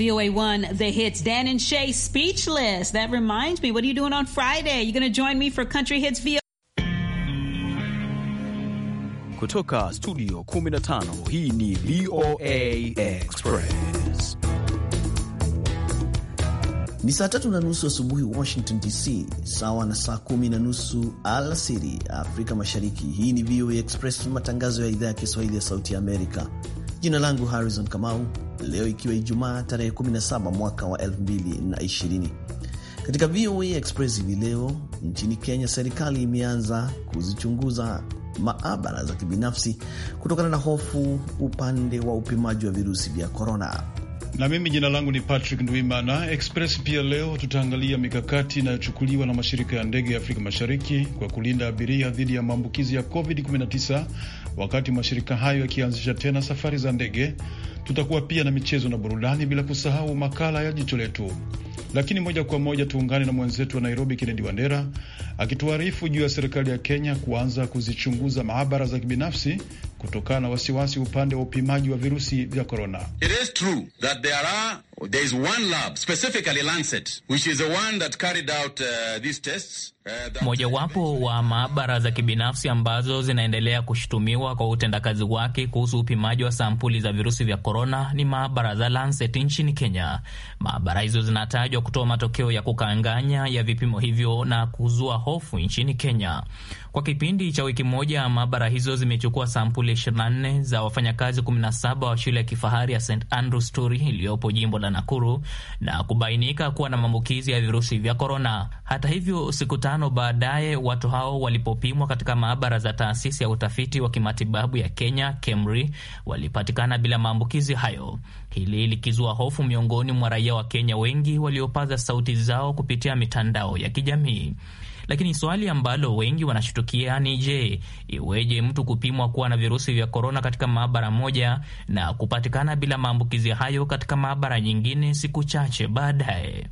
VOA1, the hits. Dan and Shay, speechless. That reminds me, what are you doing on Friday? You going to join me for Country Hits VOA? Kutoka studio 15 hii ni VOA Express. Ni saa tatu na nusu asubuhi Washington DC, sawa na saa kumi na nusu alasiri Afrika Mashariki. Hii ni VOA Express, matangazo ya idhaa ya Kiswahili ya Sauti ya Amerika. Jina langu Harrison Kamau leo ikiwa Ijumaa tarehe 17 mwaka wa 2020. Katika VOA Express hivi leo, nchini Kenya serikali imeanza kuzichunguza maabara za kibinafsi kutokana na hofu upande wa upimaji wa virusi vya korona. Na mimi jina langu ni Patrick Ndwimana. Express pia leo tutaangalia mikakati inayochukuliwa na mashirika ya ndege ya Afrika Mashariki kwa kulinda abiria dhidi ya maambukizi ya COVID-19 wakati mashirika hayo yakianzisha tena safari za ndege. Tutakuwa pia na michezo na burudani, bila kusahau makala ya jicho letu. Lakini moja kwa moja tuungane na mwenzetu wa Nairobi, Kennedy Wandera akituarifu juu ya serikali ya Kenya kuanza kuzichunguza maabara za kibinafsi kutokana na wasiwasi upande wa upimaji wa virusi vya korona. There is one lab, specifically Lancet, which is the one that carried out uh, these tests. Uh, mojawapo wa maabara za kibinafsi ambazo zinaendelea kushutumiwa kwa utendakazi wake kuhusu upimaji wa sampuli za virusi vya korona ni maabara za Lancet nchini Kenya. Maabara hizo zinatajwa kutoa matokeo ya kukanganya ya vipimo hivyo na kuzua hofu nchini Kenya. Kwa kipindi cha wiki moja, maabara hizo zimechukua sampuli 24 za wafanyakazi 17 wa shule ya kifahari ya St Andrew Turi iliyopo jimbo la Nakuru na kubainika kuwa na maambukizi ya virusi vya korona. Hata hivyo, siku tano baadaye watu hao walipopimwa katika maabara za taasisi ya utafiti wa kimatibabu ya Kenya KEMRI walipatikana bila maambukizi hayo, hili likizua hofu miongoni mwa raia wa Kenya wengi waliopaza sauti zao kupitia mitandao ya kijamii. Lakini swali ambalo wengi wanashutukia ni je, iweje mtu kupimwa kuwa na virusi vya korona katika maabara moja na kupatikana bila maambukizi hayo katika maabara nyingine siku chache baadaye?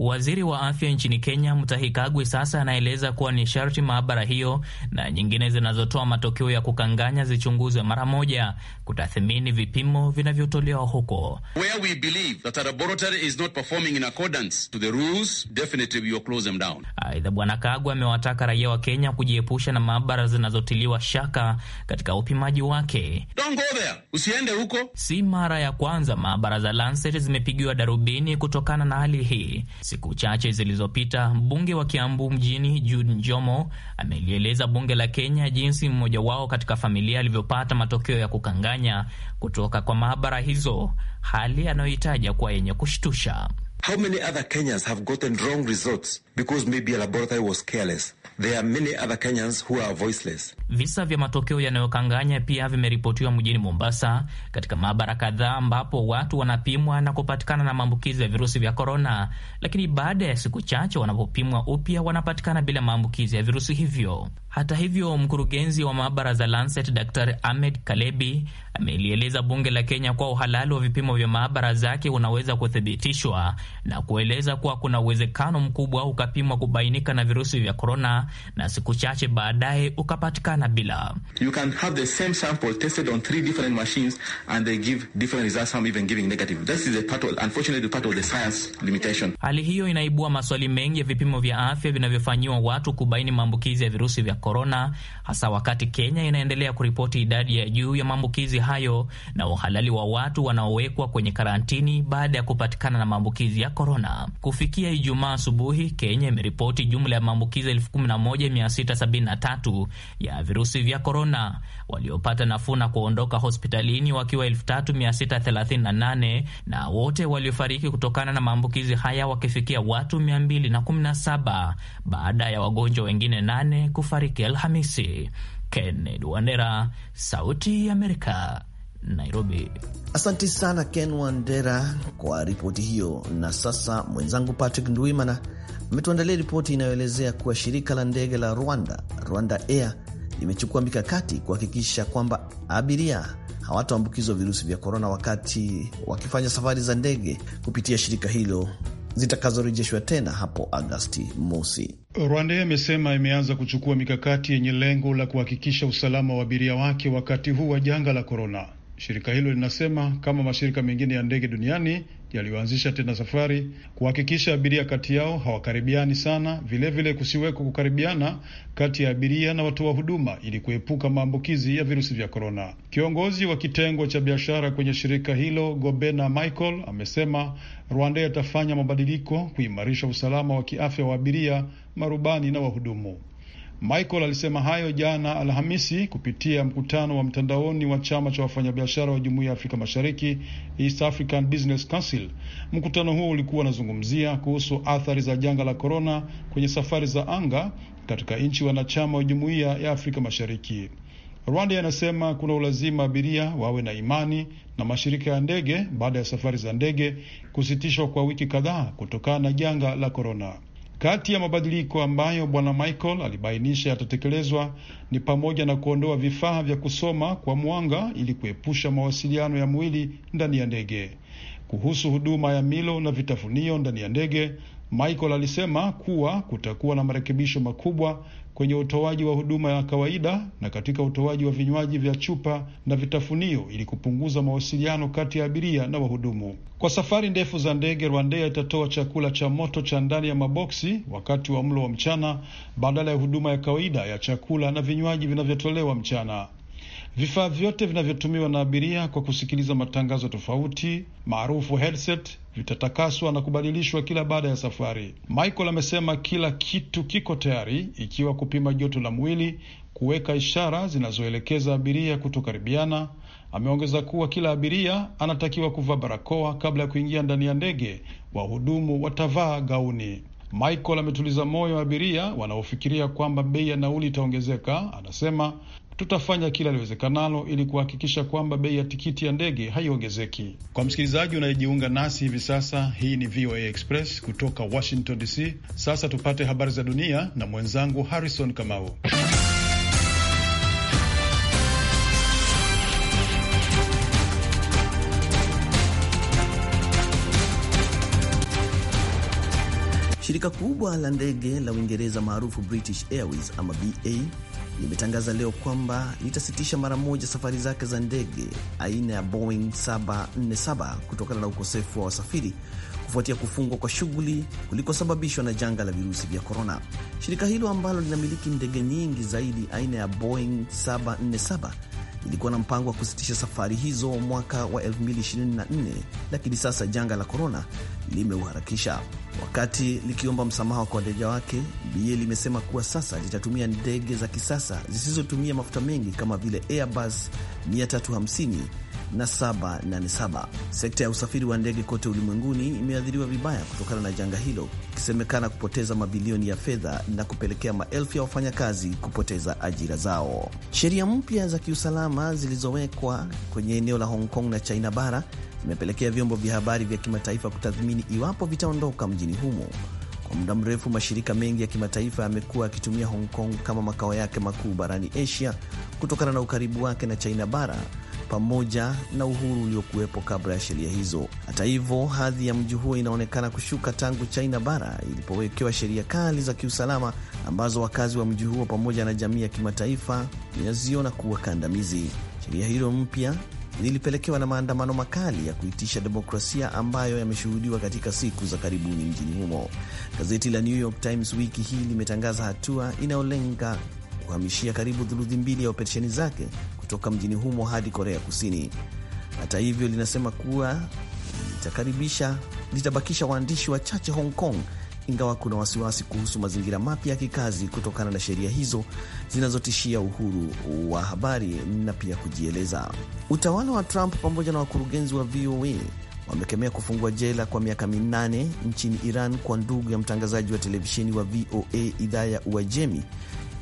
Waziri wa afya nchini Kenya, Mutahi Kagwe, sasa anaeleza kuwa ni sharti maabara hiyo na nyingine zinazotoa matokeo ya kukanganya zichunguzwe mara moja, kutathimini vipimo vinavyotolewa huko. Aidha, Bwana Kagwe amewataka raia wa Kenya kujiepusha na maabara zinazotiliwa shaka katika upimaji wake. Don't go there. Usiende huko. Si mara ya kwanza maabara za Lancet zimepigiwa darubini kutokana na hali hii. Siku chache zilizopita mbunge wa Kiambu mjini Jude Njomo amelieleza bunge la Kenya jinsi mmoja wao katika familia alivyopata matokeo ya kukanganya kutoka kwa maabara hizo, hali anayohitaja kuwa yenye kushtusha. How many other Kenyans have gotten wrong results because maybe a laboratory was careless? There are many other Kenyans who are voiceless. Visa vya matokeo yanayokanganya pia vimeripotiwa mjini Mombasa katika maabara kadhaa ambapo watu wanapimwa na kupatikana na maambukizi ya virusi vya korona, lakini baada ya siku chache wanapopimwa upya wanapatikana bila maambukizi ya virusi hivyo. Hata hivyo, mkurugenzi wa maabara za Lancet Dr. Ahmed Kalebi amelieleza bunge la Kenya kuwa uhalali wa vipimo vya maabara zake unaweza kuthibitishwa na kueleza kuwa kuna uwezekano mkubwa ukapimwa kubainika na virusi vya korona na siku chache baadaye ukapatikana bila. You can have the same sample tested on three different machines and they give different results, some even giving negative. This is a part of, unfortunately, part of the science limitation. Hali hiyo inaibua maswali mengi ya vipimo vya afya vinavyofanyiwa watu kubaini maambukizi ya virusi vya korona, hasa wakati Kenya inaendelea kuripoti idadi ya juu ya maambukizi hayo na uhalali wa watu wanaowekwa kwenye karantini baada ya kupatikana na maambukizi ya korona. Kufikia Ijumaa asubuhi, Kenya imeripoti jumla ya maambukizi elfu kumi na 1673 ya virusi vya korona, waliopata nafuu na kuondoka hospitalini wakiwa 3638 na wote waliofariki kutokana na maambukizi haya wakifikia watu 217 baada ya wagonjwa wengine nane kufariki Alhamisi. Kennedy Wandera, Sauti ya Amerika, Nairobi. Asante sana Ken Wandera kwa ripoti hiyo. Na sasa mwenzangu Patrick Ndwimana Ametuandalia ripoti inayoelezea kuwa shirika la ndege la Rwanda, Rwanda Air, limechukua mikakati kuhakikisha kwamba abiria hawataambukizwa virusi vya korona wakati wakifanya safari za ndege kupitia shirika hilo zitakazorejeshwa tena hapo Agasti mosi. Rwanda imesema imeanza kuchukua mikakati yenye lengo la kuhakikisha usalama wa abiria wake wakati huu wa janga la korona. Shirika hilo linasema kama mashirika mengine ya ndege duniani yaliyoanzisha tena safari kuhakikisha abiria kati yao hawakaribiani sana, vilevile kusiweko kukaribiana kati ya abiria na watoa huduma ili kuepuka maambukizi ya virusi vya korona. Kiongozi wa kitengo cha biashara kwenye shirika hilo Gobena Michael amesema Rwanda yatafanya mabadiliko kuimarisha usalama wa kiafya wa abiria, marubani na wahudumu. Michael alisema hayo jana Alhamisi kupitia mkutano wa mtandaoni wa chama cha wafanyabiashara wa jumuiya ya Afrika Mashariki, East African Business Council. Mkutano huo ulikuwa unazungumzia kuhusu athari za janga la korona kwenye safari za anga katika nchi wanachama wa jumuiya ya Afrika Mashariki. Rwanda yanasema kuna ulazima abiria wawe na imani na mashirika ya ndege baada ya safari za ndege kusitishwa kwa wiki kadhaa kutokana na janga la korona. Kati ya mabadiliko ambayo Bwana Michael alibainisha yatatekelezwa ni pamoja na kuondoa vifaa vya kusoma kwa mwanga ili kuepusha mawasiliano ya mwili ndani ya ndege. Kuhusu huduma ya milo na vitafunio ndani ya ndege, Michael alisema kuwa kutakuwa na marekebisho makubwa kwenye utoaji wa huduma ya kawaida na katika utoaji wa vinywaji vya chupa na vitafunio ili kupunguza mawasiliano kati ya abiria na wahudumu. Kwa safari ndefu za ndege, Rwandea itatoa chakula cha moto cha ndani ya maboksi wakati wa mlo wa mchana badala ya huduma ya kawaida ya chakula na vinywaji vinavyotolewa mchana. Vifaa vyote vinavyotumiwa na abiria kwa kusikiliza matangazo tofauti maarufu headset vitatakaswa na kubadilishwa kila baada ya safari. Michael amesema kila kitu kiko tayari, ikiwa kupima joto la mwili, kuweka ishara zinazoelekeza abiria kutokaribiana. Ameongeza kuwa kila abiria anatakiwa kuvaa barakoa kabla ya kuingia ndani ya ndege. Wahudumu watavaa gauni. Michael ametuliza moyo wa abiria wanaofikiria kwamba bei ya nauli itaongezeka. Anasema tutafanya kila liwezekanalo ili kuhakikisha kwamba bei ya tikiti ya ndege haiongezeki. Kwa msikilizaji unayejiunga nasi hivi sasa, hii ni VOA Express kutoka Washington DC. Sasa tupate habari za dunia na mwenzangu Harrison Kamau. Shirika kubwa la ndege la Uingereza maarufu British Airways ama BA limetangaza leo kwamba litasitisha mara moja safari zake za ndege aina ya Boeing 747 kutokana na ukosefu wa wasafiri kufuatia kufungwa kwa shughuli kulikosababishwa na janga la virusi vya korona. Shirika hilo ambalo linamiliki ndege nyingi zaidi aina ya Boeing 747 ilikuwa na mpango wa kusitisha safari hizo mwaka wa 2024 lakini sasa janga la korona limeuharakisha. Wakati likiomba msamaha kwa wateja wake, BA limesema kuwa sasa litatumia ndege za kisasa zisizotumia mafuta mengi kama vile Airbus 350 787. Sekta ya usafiri wa ndege kote ulimwenguni imeathiriwa vibaya kutokana na janga hilo, ikisemekana kupoteza mabilioni ya fedha na kupelekea maelfu ya wafanyakazi kupoteza ajira zao. Sheria mpya za kiusalama zilizowekwa kwenye eneo la Hong Kong na China bara zimepelekea vyombo vya habari vya kimataifa kutathmini iwapo vitaondoka mjini humo. Kwa muda mrefu mashirika mengi ya kimataifa yamekuwa yakitumia Hong Kong kama makao yake makuu barani Asia kutokana na ukaribu wake na China bara pamoja na uhuru uliokuwepo kabla ya sheria hizo. Hata hivyo, hadhi ya mji huo inaonekana kushuka tangu China bara ilipowekewa sheria kali za kiusalama ambazo wakazi wa mji huo pamoja na jamii ya kimataifa inaziona kuwa kandamizi. Sheria hilo mpya lilipelekewa na maandamano makali ya kuitisha demokrasia ambayo yameshuhudiwa katika siku za karibuni mjini humo. Gazeti la New York Times wiki hii limetangaza hatua inayolenga kuhamishia karibu thuluthi mbili ya operesheni zake kutoka mjini humo hadi Korea Kusini. Hata hivyo, linasema kuwa litakaribisha litabakisha waandishi wachache Hong Kong, ingawa kuna wasiwasi kuhusu mazingira mapya ya kikazi kutokana na sheria hizo zinazotishia uhuru wa habari na pia kujieleza. Utawala wa Trump pamoja na wakurugenzi wa VOA wamekemea kufungua jela kwa miaka minane nchini Iran kwa ndugu ya mtangazaji wa televisheni wa VOA idhaa ya Uajemi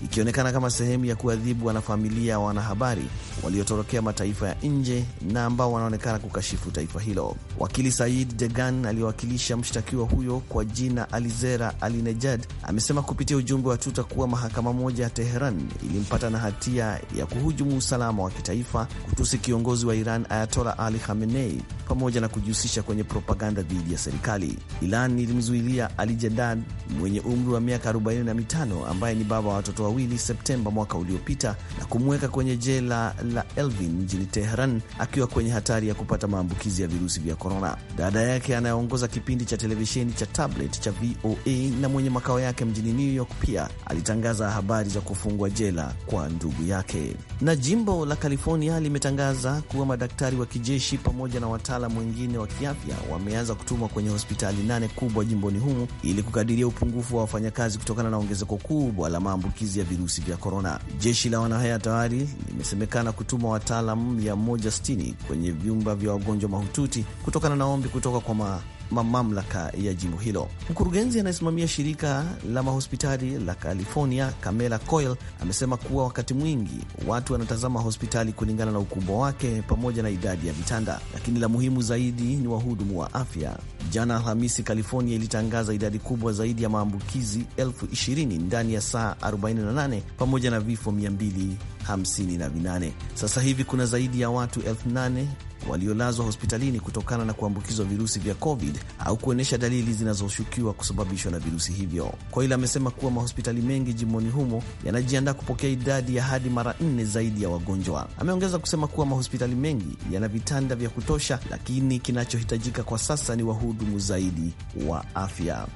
ikionekana kama sehemu ya kuadhibu wanafamilia wa wanahabari waliotorokea mataifa ya nje na ambao wanaonekana kukashifu taifa hilo. Wakili Said Degan aliyewakilisha mshtakiwa huyo kwa jina Alizera Ali Nejad amesema kupitia ujumbe wa Tuta kuwa mahakama moja ya Teheran ilimpata na hatia ya kuhujumu usalama wa kitaifa, kutusi kiongozi wa Iran Ayatola Ali Khamenei, pamoja na kujihusisha kwenye propaganda dhidi ya serikali. Iran ilimzuilia Alijedad mwenye umri wa miaka 45 ambaye ni baba wa watoto wawili Septemba mwaka uliopita na kumweka kwenye jela la Elvin mjini Teheran akiwa kwenye hatari ya kupata maambukizi ya virusi vya korona. Dada yake anayeongoza kipindi cha televisheni cha Tablet cha VOA na mwenye makao yake mjini New York pia alitangaza habari za kufungwa jela kwa ndugu yake. Na jimbo la California limetangaza kuwa madaktari wa kijeshi pamoja na wataalam wengine wa kiafya wameanza kutumwa kwenye hospitali nane kubwa jimboni humu ili kukadiria upungufu wa wafanyakazi kutokana na ongezeko kubwa la maambukizi ya virusi vya korona. Jeshi la wanahayatawari limesemekana kutuma wataalam 160 kwenye vyumba vya wagonjwa mahututi kutokana na ombi kutoka kwa ma mamlaka ya jimbo hilo. Mkurugenzi anayesimamia shirika la mahospitali la California, camela Coyle, amesema kuwa wakati mwingi watu wanatazama hospitali kulingana na ukubwa wake pamoja na idadi ya vitanda, lakini la muhimu zaidi ni wahudumu wa afya. Jana Alhamisi, California ilitangaza idadi kubwa zaidi ya maambukizi elfu 20 ndani ya saa 48 pamoja na vifo 258. Sasa hivi kuna zaidi ya watu elfu 8 waliolazwa hospitalini kutokana na kuambukizwa virusi vya COVID au kuonyesha dalili zinazoshukiwa kusababishwa na virusi hivyo. Koil amesema kuwa mahospitali mengi jimboni humo yanajiandaa kupokea idadi ya hadi mara nne zaidi ya wagonjwa. Ameongeza kusema kuwa mahospitali mengi yana vitanda vya kutosha, lakini kinachohitajika kwa sasa ni wahudumu zaidi wa afya.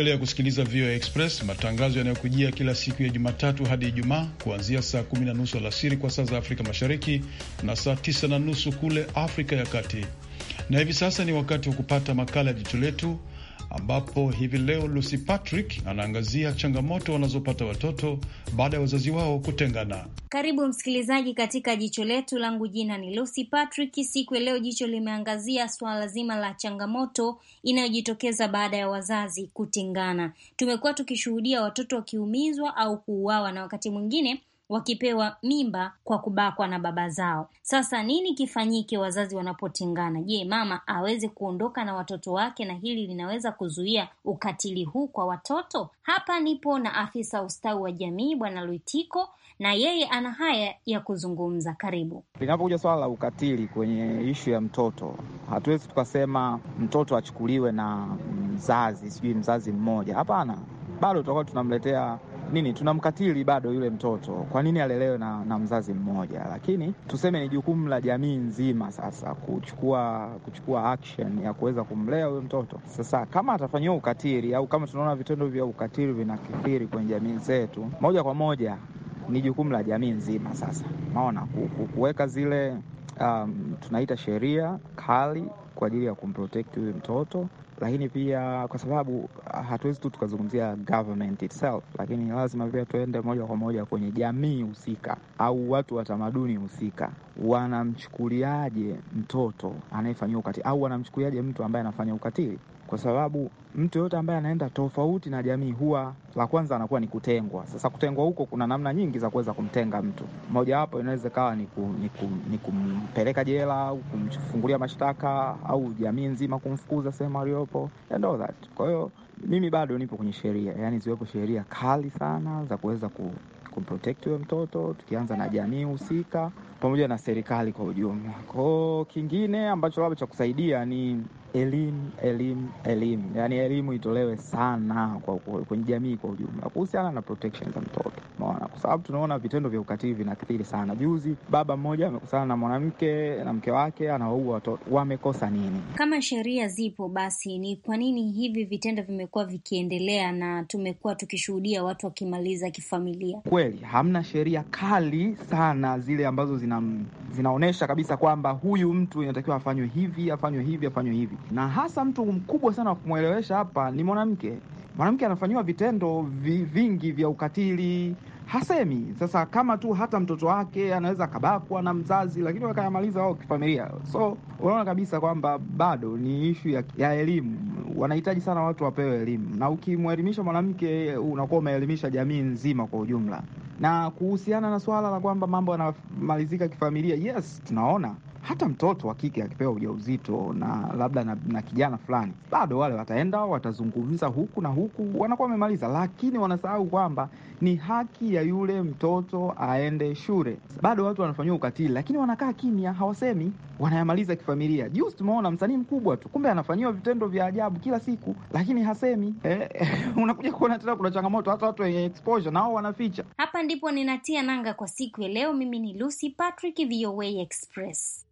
Unaendelea kusikiliza VOA Express, matangazo yanayokujia kila siku ya Jumatatu hadi Ijumaa kuanzia saa kumi na nusu alasiri kwa saa za Afrika Mashariki na saa tisa na nusu kule Afrika ya Kati. Na hivi sasa ni wakati wa kupata makala ya Jicho Letu ambapo hivi leo Lucy Patrick anaangazia changamoto wanazopata watoto baada ya wazazi wao kutengana. Karibu msikilizaji katika jicho letu, langu jina ni Lucy Patrick. Siku ya leo jicho limeangazia swala zima la changamoto inayojitokeza baada ya wazazi kutengana. Tumekuwa tukishuhudia watoto wakiumizwa au kuuawa na wakati mwingine wakipewa mimba kwa kubakwa na baba zao. Sasa nini kifanyike wazazi wanapotengana? Je, mama aweze kuondoka na watoto wake na hili linaweza kuzuia ukatili huu kwa watoto? Hapa nipo na afisa ustawi wa jamii Bwana luitiko na yeye ana haya ya kuzungumza. Karibu. Linapokuja swala la ukatili kwenye ishu ya mtoto, hatuwezi tukasema mtoto achukuliwe na mzazi, sijui mzazi mmoja. Hapana, bado tutakuwa tunamletea nini tunamkatili bado yule mtoto. Kwa nini alelewe na, na mzazi mmoja? Lakini tuseme ni jukumu la jamii nzima sasa kuchukua kuchukua action ya kuweza kumlea huyo mtoto. Sasa kama atafanyiwa ukatili au kama tunaona vitendo vya ukatili vinakithiri kwenye jamii zetu, moja kwa moja ni jukumu la jamii nzima sasa, maona kuweka zile um, tunaita sheria kali kwa ajili ya kumprotect huyu mtoto, lakini pia kwa sababu hatuwezi tu tukazungumzia government itself, lakini lazima pia tuende moja kwa moja kwenye jamii husika au watu wa tamaduni husika. Wanamchukuliaje mtoto anayefanyia ukatili, au wanamchukuliaje mtu ambaye anafanya ukatili? kwa sababu mtu yoyote ambaye anaenda tofauti na jamii huwa la kwanza anakuwa ni kutengwa. Sasa kutengwa huko kuna namna nyingi za kuweza kumtenga mtu. Mojawapo inaweza ikawa ni, ku, ni, ku, ni kumpeleka jela au kumfungulia mashtaka au jamii nzima kumfukuza sehemu aliyopo and all that. Kwa hiyo mimi bado nipo kwenye sheria, yani ziweko sheria kali sana za kuweza ku kumprotect huyo mtoto, tukianza na jamii husika pamoja na serikali kwa ujumla. Kwao kingine ambacho labda cha kusaidia ni elimu elimu elimu, yani elimu itolewe sana kwa kwenye jamii kwa ujumla kuhusiana na protection za mtoto, unaona, kwa sababu tunaona vitendo vya ukatili vinakithiri sana. Juzi baba mmoja amekusana na mwanamke na mke wake, anawaua watoto. Wamekosa nini? Kama sheria zipo, basi ni kwa nini hivi vitendo vimekuwa vikiendelea na tumekuwa tukishuhudia watu wakimaliza kifamilia? Kweli hamna sheria kali sana zile ambazo zina zinaonyesha kabisa kwamba huyu mtu inatakiwa afanywe hivi afanywe hivi afanywe hivi na hasa mtu mkubwa sana wa kumwelewesha hapa ni mwanamke. Mwanamke anafanyiwa vitendo vi, vingi vya ukatili hasemi. Sasa kama tu hata mtoto wake anaweza akabakwa na mzazi, lakini wakayamaliza wao kifamilia. So unaona kabisa kwamba bado ni ishu ya, ya elimu. Wanahitaji sana watu wapewe elimu, na ukimwelimisha mwanamke unakuwa umeelimisha jamii nzima kwa ujumla. Na kuhusiana na swala la kwamba mambo yanamalizika kifamilia, yes, tunaona hata mtoto wa kike akipewa ujauzito na labda na, na kijana fulani, bado wale wataenda watazungumza huku na huku, wanakuwa wamemaliza, lakini wanasahau kwamba ni haki ya yule mtoto aende shule. Bado watu wanafanyiwa ukatili, lakini wanakaa kimya, hawasemi, wanayamaliza kifamilia. Juzi tumeona msanii mkubwa tu, kumbe anafanyiwa vitendo vya ajabu kila siku, lakini hasemi. Eh, eh unakuja kuona tena kuna changamoto, hata watu wenye exposure nao wanaficha. Hapa ndipo ninatia nanga kwa siku ya leo. Mimi ni Lucy Patrick, VOA Express.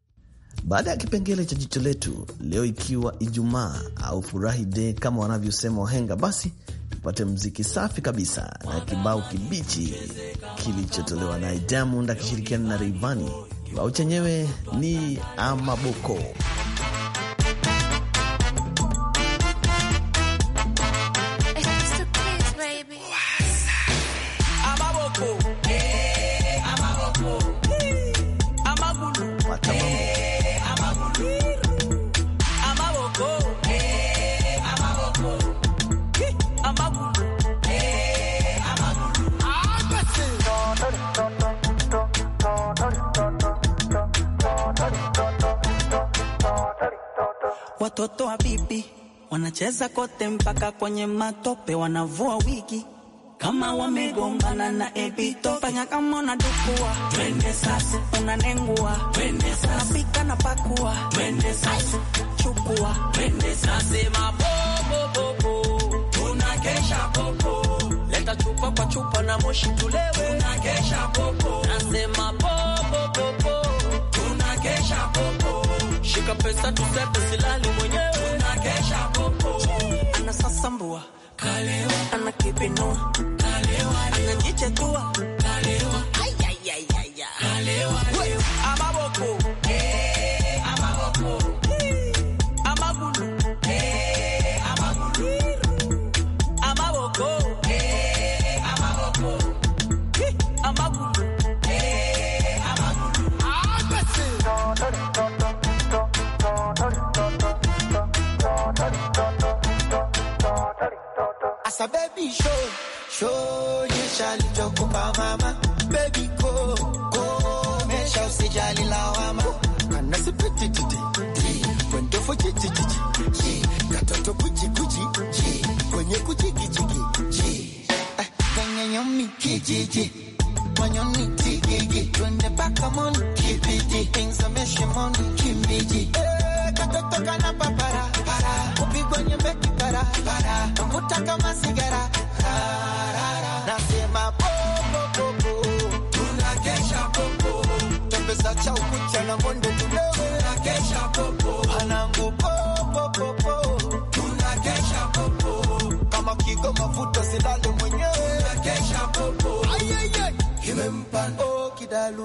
Baada ya kipengele cha jicho letu leo, ikiwa Ijumaa au furahi de kama wanavyosema wahenga, basi tupate mziki safi kabisa na kibao kibichi kilichotolewa naye Diamond akishirikiana na Rayvanny. Kibao chenyewe ni Amaboko. watoto wa bibi wanacheza kote mpaka kwenye matope, wanavua wiki kama wamegombana na ebito fanya kama na dukua twende sasa, unanengua twende sasa, pika na pakua twende sasa, chukua twende sasa, mabobo bobo tunakesha popo, leta chupa kwa chupa na moshi tulewe, tunakesha popo, nasema bobo bobo Weka pesa tusepe, silali mwenyewe, unakesha popo. Ana sasambua kalewa, ana kipinua kalewa, ana jichetua kalewa, ay kalewa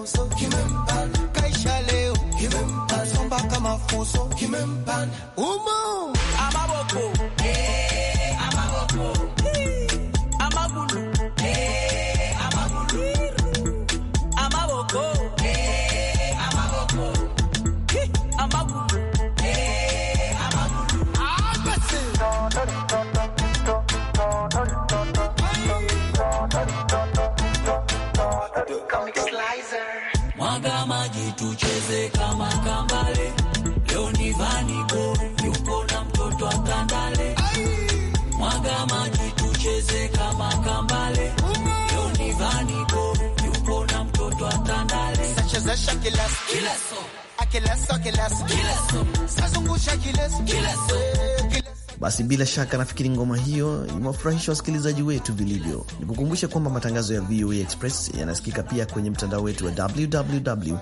Fuso Kaisha leo Somba kama Fuso Amaboko Nasha kilaso kilaso, akilaso kilaso kilaso, sazungusha kilaso kilaso basi bila shaka nafikiri ngoma hiyo imewafurahisha wasikilizaji wetu vilivyo. Ni kukumbushe kwamba matangazo ya VOA Express yanasikika pia kwenye mtandao wetu wa www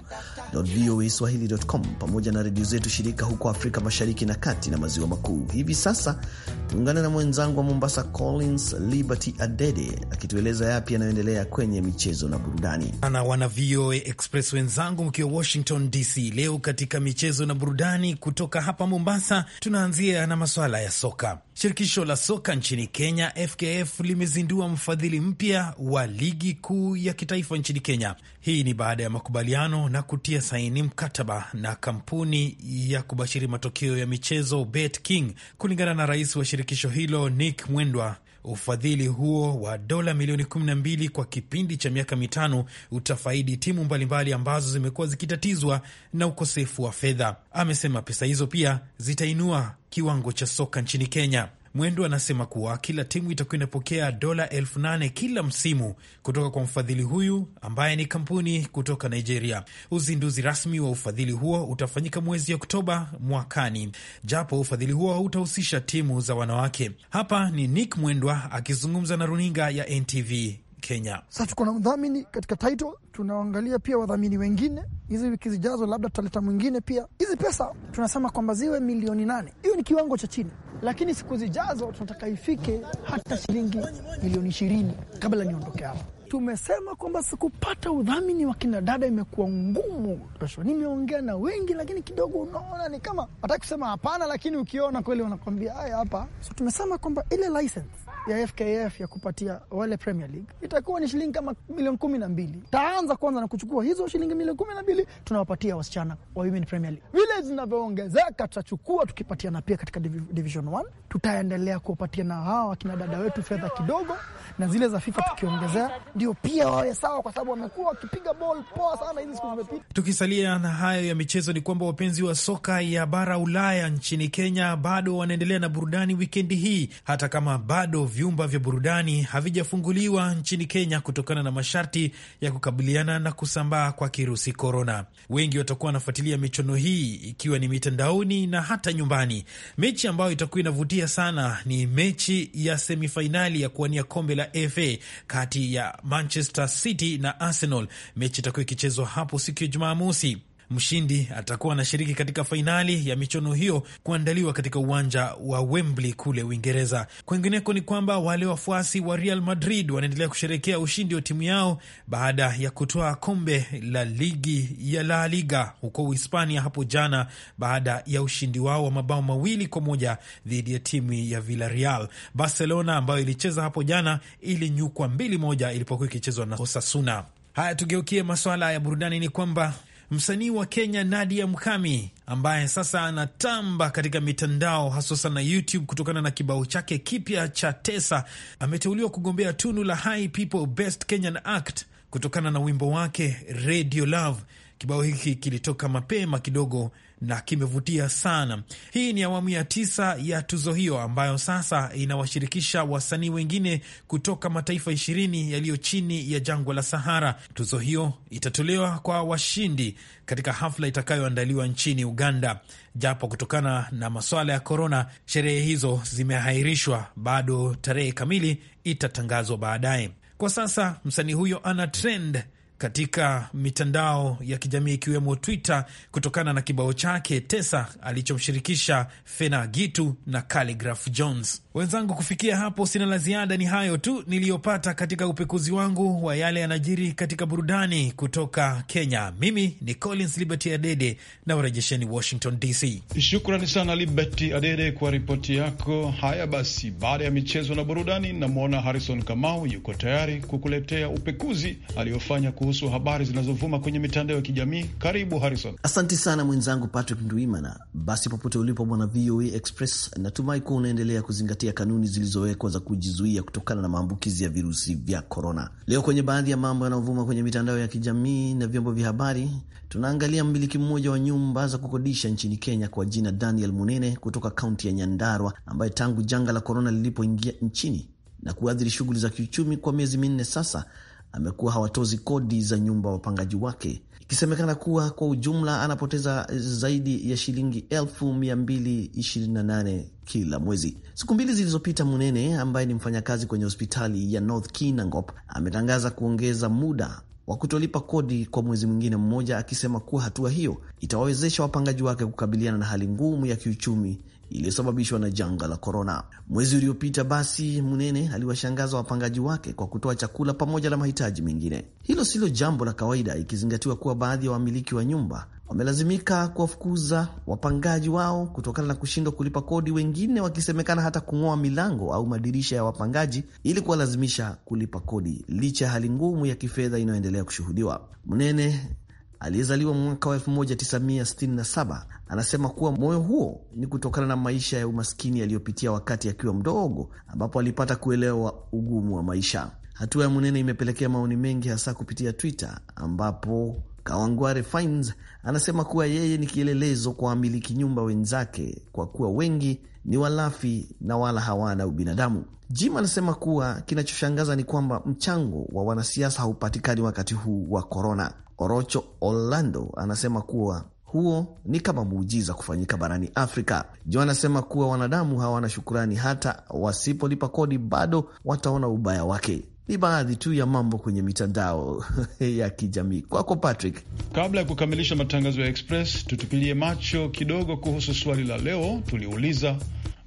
voa swahili.com pamoja na redio zetu shirika huko Afrika Mashariki na kati na maziwa makuu. Hivi sasa tuungane na mwenzangu wa Mombasa, Collins Liberty Adede, akitueleza yapi yanayoendelea kwenye michezo na burudani. Ana wana VOA Express wenzangu, mkiwa Washington DC leo katika michezo na burudani. Kutoka hapa Mombasa tunaanzia na maswala ya soka. Shirikisho la soka nchini Kenya, FKF, limezindua mfadhili mpya wa ligi kuu ya kitaifa nchini Kenya. Hii ni baada ya makubaliano na kutia saini mkataba na kampuni ya kubashiri matokeo ya michezo king kulingana na rais wa shirikisho hilo Nick Mwendwa. Ufadhili huo wa dola milioni 12 kwa kipindi cha miaka mitano utafaidi timu mbalimbali ambazo zimekuwa zikitatizwa na ukosefu wa fedha. Amesema pesa hizo pia zitainua kiwango cha soka nchini Kenya. Mwendo anasema kuwa kila timu itakuwa inapokea dola elfu nane kila msimu kutoka kwa mfadhili huyu ambaye ni kampuni kutoka Nigeria. Uzinduzi rasmi wa ufadhili huo utafanyika mwezi Oktoba mwakani, japo ufadhili huo hautahusisha timu za wanawake. Hapa ni Nick Mwendwa akizungumza na runinga ya NTV Kenya. Sasa tuko na mdhamini katika title, tunaangalia pia wadhamini wengine. Hizi wiki zijazo, labda tutaleta mwingine pia. Hizi pesa tunasema kwamba ziwe milioni nane. Hiyo ni kiwango cha chini, lakini siku zijazo tunataka ifike hata shilingi milioni ishirini. Kabla niondoke hapa, tumesema kwamba sikupata udhamini wa kina dada, imekuwa ngumu. Nimeongea na wengi, lakini kidogo, unaona ni kama hataki kusema hapana, lakini ukiona kweli wanakwambia haya hapa. So tumesema kwamba ile license ya FKF ya kupatia wale Premier League itakuwa ni shilingi kama milioni kumi na mbili. Taanza kwanza na kuchukua hizo shilingi milioni kumi na mbili tunawapatia wasichana wa Women Premier League. Vile zinavyoongezeka tutachukua tukipatia na pia katika Division 1 tutaendelea kuwapatia na hawa wakina dada wetu fedha kidogo, na zile za FIFA tukiongezea ndio pia wawe sawa, kwa sababu wamekuwa wakipiga ball poa sana hizi siku zimepita. Tukisalia na hayo ya michezo, ni kwamba wapenzi wa soka ya bara Ulaya nchini Kenya bado wanaendelea na burudani wikendi hii, hata kama bado vyumba vya burudani havijafunguliwa nchini Kenya kutokana na masharti ya kukabiliana na kusambaa kwa kirusi korona. Wengi watakuwa wanafuatilia michuano hii ikiwa ni mitandaoni na hata nyumbani. Mechi ambayo itakuwa inavutia sana ni mechi ya semifainali ya kuwania kombe la FA kati ya Manchester City na Arsenal. Mechi itakuwa ikichezwa hapo siku ya Jumamosi. Mshindi atakuwa anashiriki katika fainali ya michuano hiyo kuandaliwa katika uwanja wa Wembley kule Uingereza. Kwingineko ni kwamba wale wafuasi wa Real Madrid wanaendelea kusherekea ushindi wa timu yao baada ya kutoa kombe la ligi ya La Liga huko Uhispania hapo jana baada ya ushindi wao wa mabao mawili kwa moja dhidi ya timu ya Villarreal. Barcelona ambayo ilicheza hapo jana ilinyukwa mbili moja ilipokuwa ikichezwa na Osasuna. Haya, tugeukie masuala ya burudani. Ni kwamba msanii wa Kenya Nadia Mkami ambaye sasa anatamba katika mitandao haswa sana YouTube kutokana na kibao chake kipya cha Tesa, ameteuliwa kugombea tunu la High People Best Kenyan Act kutokana na wimbo wake Radio Love. Kibao hiki kilitoka mapema kidogo na kimevutia sana. Hii ni awamu ya tisa ya tuzo hiyo ambayo sasa inawashirikisha wasanii wengine kutoka mataifa ishirini yaliyo chini ya jangwa la Sahara. Tuzo hiyo itatolewa kwa washindi katika hafla itakayoandaliwa nchini Uganda, japo kutokana na masuala ya korona sherehe hizo zimeahirishwa, bado tarehe kamili itatangazwa baadaye. Kwa sasa msanii huyo ana trend katika mitandao ya kijamii ikiwemo Twitter kutokana na kibao chake Tesa alichomshirikisha fena Gitu na caligraph Jones. Wenzangu, kufikia hapo sina la ziada. Ni hayo tu niliyopata katika upekuzi wangu wa yale yanajiri katika burudani kutoka Kenya. Mimi ni Collins Liberty Adede na urejesheni Washington DC. Shukrani sana Liberty Adede kwa ripoti yako. Haya basi, baada ya michezo na burudani, namwona Harrison Kamau yuko tayari kukuletea upekuzi aliyofanya kuhusu habari zinazovuma kwenye mitandao ya kijamii. Karibu Harrison. Asante sana mwenzangu Patrick Ndwimana. Basi popote ulipo mwana VOA Express, natumai kuwa unaendelea kuzingatia kuzingatia kanuni zilizowekwa za kujizuia kutokana na maambukizi ya virusi vya korona. Leo kwenye baadhi ya mambo yanayovuma kwenye mitandao ya kijamii na vyombo vya habari, tunaangalia mmiliki mmoja wa nyumba za kukodisha nchini Kenya kwa jina Daniel Munene kutoka kaunti ya Nyandarua, ambaye tangu janga la korona lilipoingia nchini na kuathiri shughuli za kiuchumi kwa miezi minne sasa, amekuwa hawatozi kodi za nyumba wapangaji wake ikisemekana kuwa kwa ujumla anapoteza zaidi ya shilingi elfu kila mwezi. Siku mbili zilizopita, Munene ambaye ni mfanyakazi kwenye hospitali ya North Kinangop ametangaza kuongeza muda wa kutolipa kodi kwa mwezi mwingine mmoja, akisema kuwa hatua hiyo itawawezesha wapangaji wake kukabiliana na hali ngumu ya kiuchumi iliyosababishwa na janga la korona. Mwezi uliopita, basi Munene aliwashangaza wapangaji wake kwa kutoa chakula pamoja na mahitaji mengine. Hilo silo jambo la kawaida, ikizingatiwa kuwa baadhi ya wa wamiliki wa nyumba wamelazimika kuwafukuza wapangaji wao kutokana na kushindwa kulipa kodi, wengine wakisemekana hata kung'oa milango au madirisha ya wapangaji ili kuwalazimisha kulipa kodi, licha ya hali ngumu ya kifedha inayoendelea kushuhudiwa. Mnene aliyezaliwa mwaka wa 1967 anasema kuwa moyo huo ni kutokana na maisha ya umaskini aliyopitia wakati akiwa mdogo, ambapo alipata kuelewa ugumu wa maisha. Hatua ya Munene imepelekea maoni mengi, hasa kupitia Twitter ambapo Kawangware Fines anasema kuwa yeye ni kielelezo kwa wamiliki nyumba wenzake kwa kuwa wengi ni walafi na wala hawana ubinadamu. Jim anasema kuwa kinachoshangaza ni kwamba mchango wa wanasiasa haupatikani wakati huu wa korona. Orocho Orlando anasema kuwa huo ni kama muujiza kufanyika barani Afrika. Jo anasema kuwa wanadamu hawana shukurani, hata wasipolipa kodi bado wataona ubaya wake. Ni baadhi tu ya mambo kwenye mitandao ya kijamii. Kwako Patrick. Kabla ya kukamilisha matangazo ya Express, tutupilie macho kidogo kuhusu swali la leo. Tuliuliza,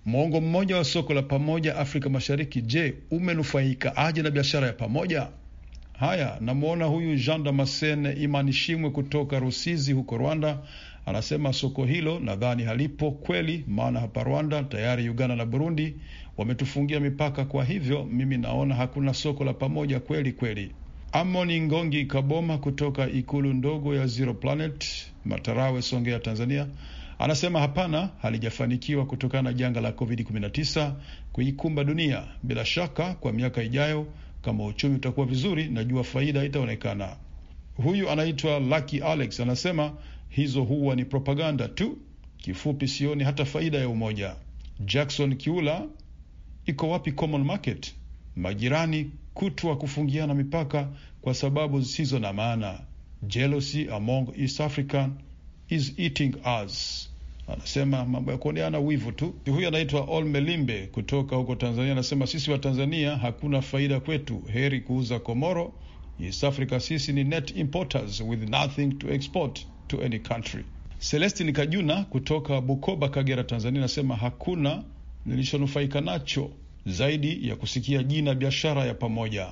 mwongo mmoja wa soko la pamoja Afrika Mashariki, je, umenufaika aje na biashara ya pamoja? Haya, namwona huyu Jean Damascene Imanishimwe kutoka Rusizi huko Rwanda, anasema soko hilo nadhani halipo kweli, maana hapa Rwanda tayari Uganda na Burundi wametufungia mipaka, kwa hivyo mimi naona hakuna soko la pamoja kweli kweli. Amoni Ngongi Kaboma kutoka ikulu ndogo ya Zero Planet Matarawe, Songea, Tanzania anasema hapana, halijafanikiwa kutokana na janga la COVID-19 kuikumba dunia. Bila shaka kwa miaka ijayo kama uchumi utakuwa vizuri, najua faida itaonekana. Huyu anaitwa Lucky Alex anasema hizo huwa ni propaganda tu, kifupi sioni hata faida ya umoja. Jackson Kiula, iko wapi common market? Majirani kutwa kufungiana mipaka kwa sababu zisizo na maana. Jealousy among East African is eating us anasema mambo ya kuoneana wivu tu. Huyu anaitwa melimbe kutoka huko Tanzania, anasema sisi wa Tanzania hakuna faida kwetu, heri kuuza Komoro. East Africa sisi ni net importers with nothing to export to any country. Celestin Kajuna kutoka Bukoba, Kagera, Tanzania anasema hakuna nilichonufaika nacho zaidi ya kusikia jina biashara ya pamoja.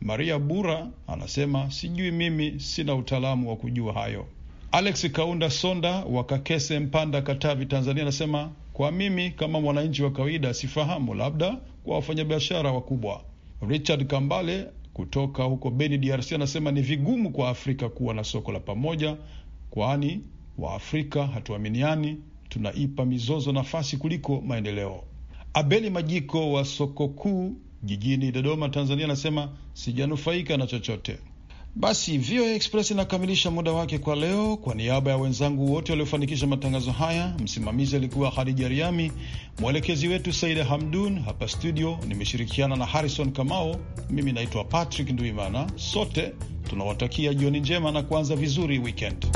Maria Bura anasema sijui, mimi sina utaalamu wa kujua hayo. Alex Kaunda Sonda wa Kakese, Mpanda, Katavi, Tanzania, anasema kwa mimi kama mwananchi wa kawaida sifahamu, labda kwa wafanyabiashara wakubwa. Richard Kambale kutoka huko Beni, DRC, anasema ni vigumu kwa Afrika kuwa na soko la pamoja, kwani Waafrika hatuaminiani, tunaipa mizozo nafasi kuliko maendeleo. Abeli Majiko wa soko kuu jijini Dodoma, Tanzania, anasema sijanufaika na chochote. Basi VOA Express inakamilisha muda wake kwa leo. Kwa niaba ya wenzangu wote waliofanikisha matangazo haya, msimamizi alikuwa Hadija Riami, mwelekezi wetu Saida Hamdun. Hapa studio nimeshirikiana na Harrison Kamao. Mimi naitwa Patrick Nduimana. Sote tunawatakia jioni njema na kuanza vizuri weekend.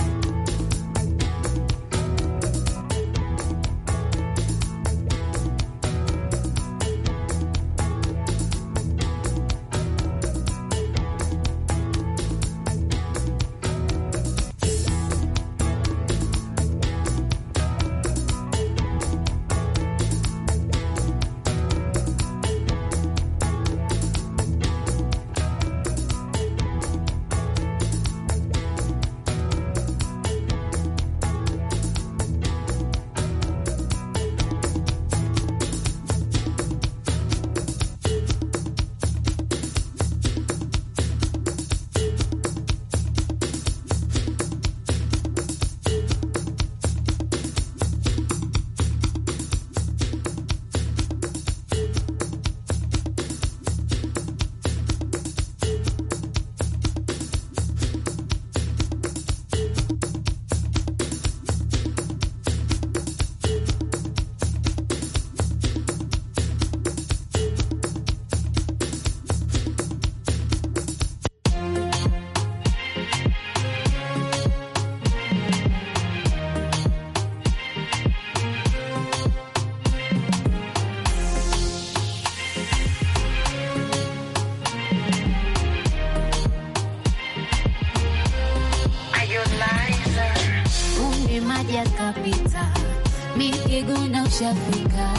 mbona ushafika?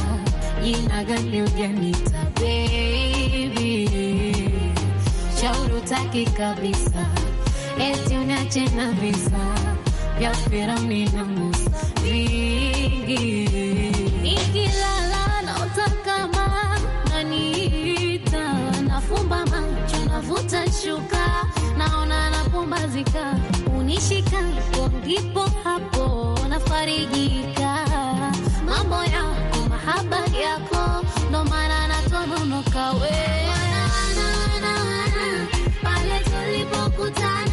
Jina gani ujanita baby, shauru taki kabisa, eti unache na visa vya Firauni na Musa vingi, nikilala shuka, naona napumbazika, unishika, ndipo hapo nafarijika mambo yako, mahaba yako, ndo maana natononoka we pale tulipokutana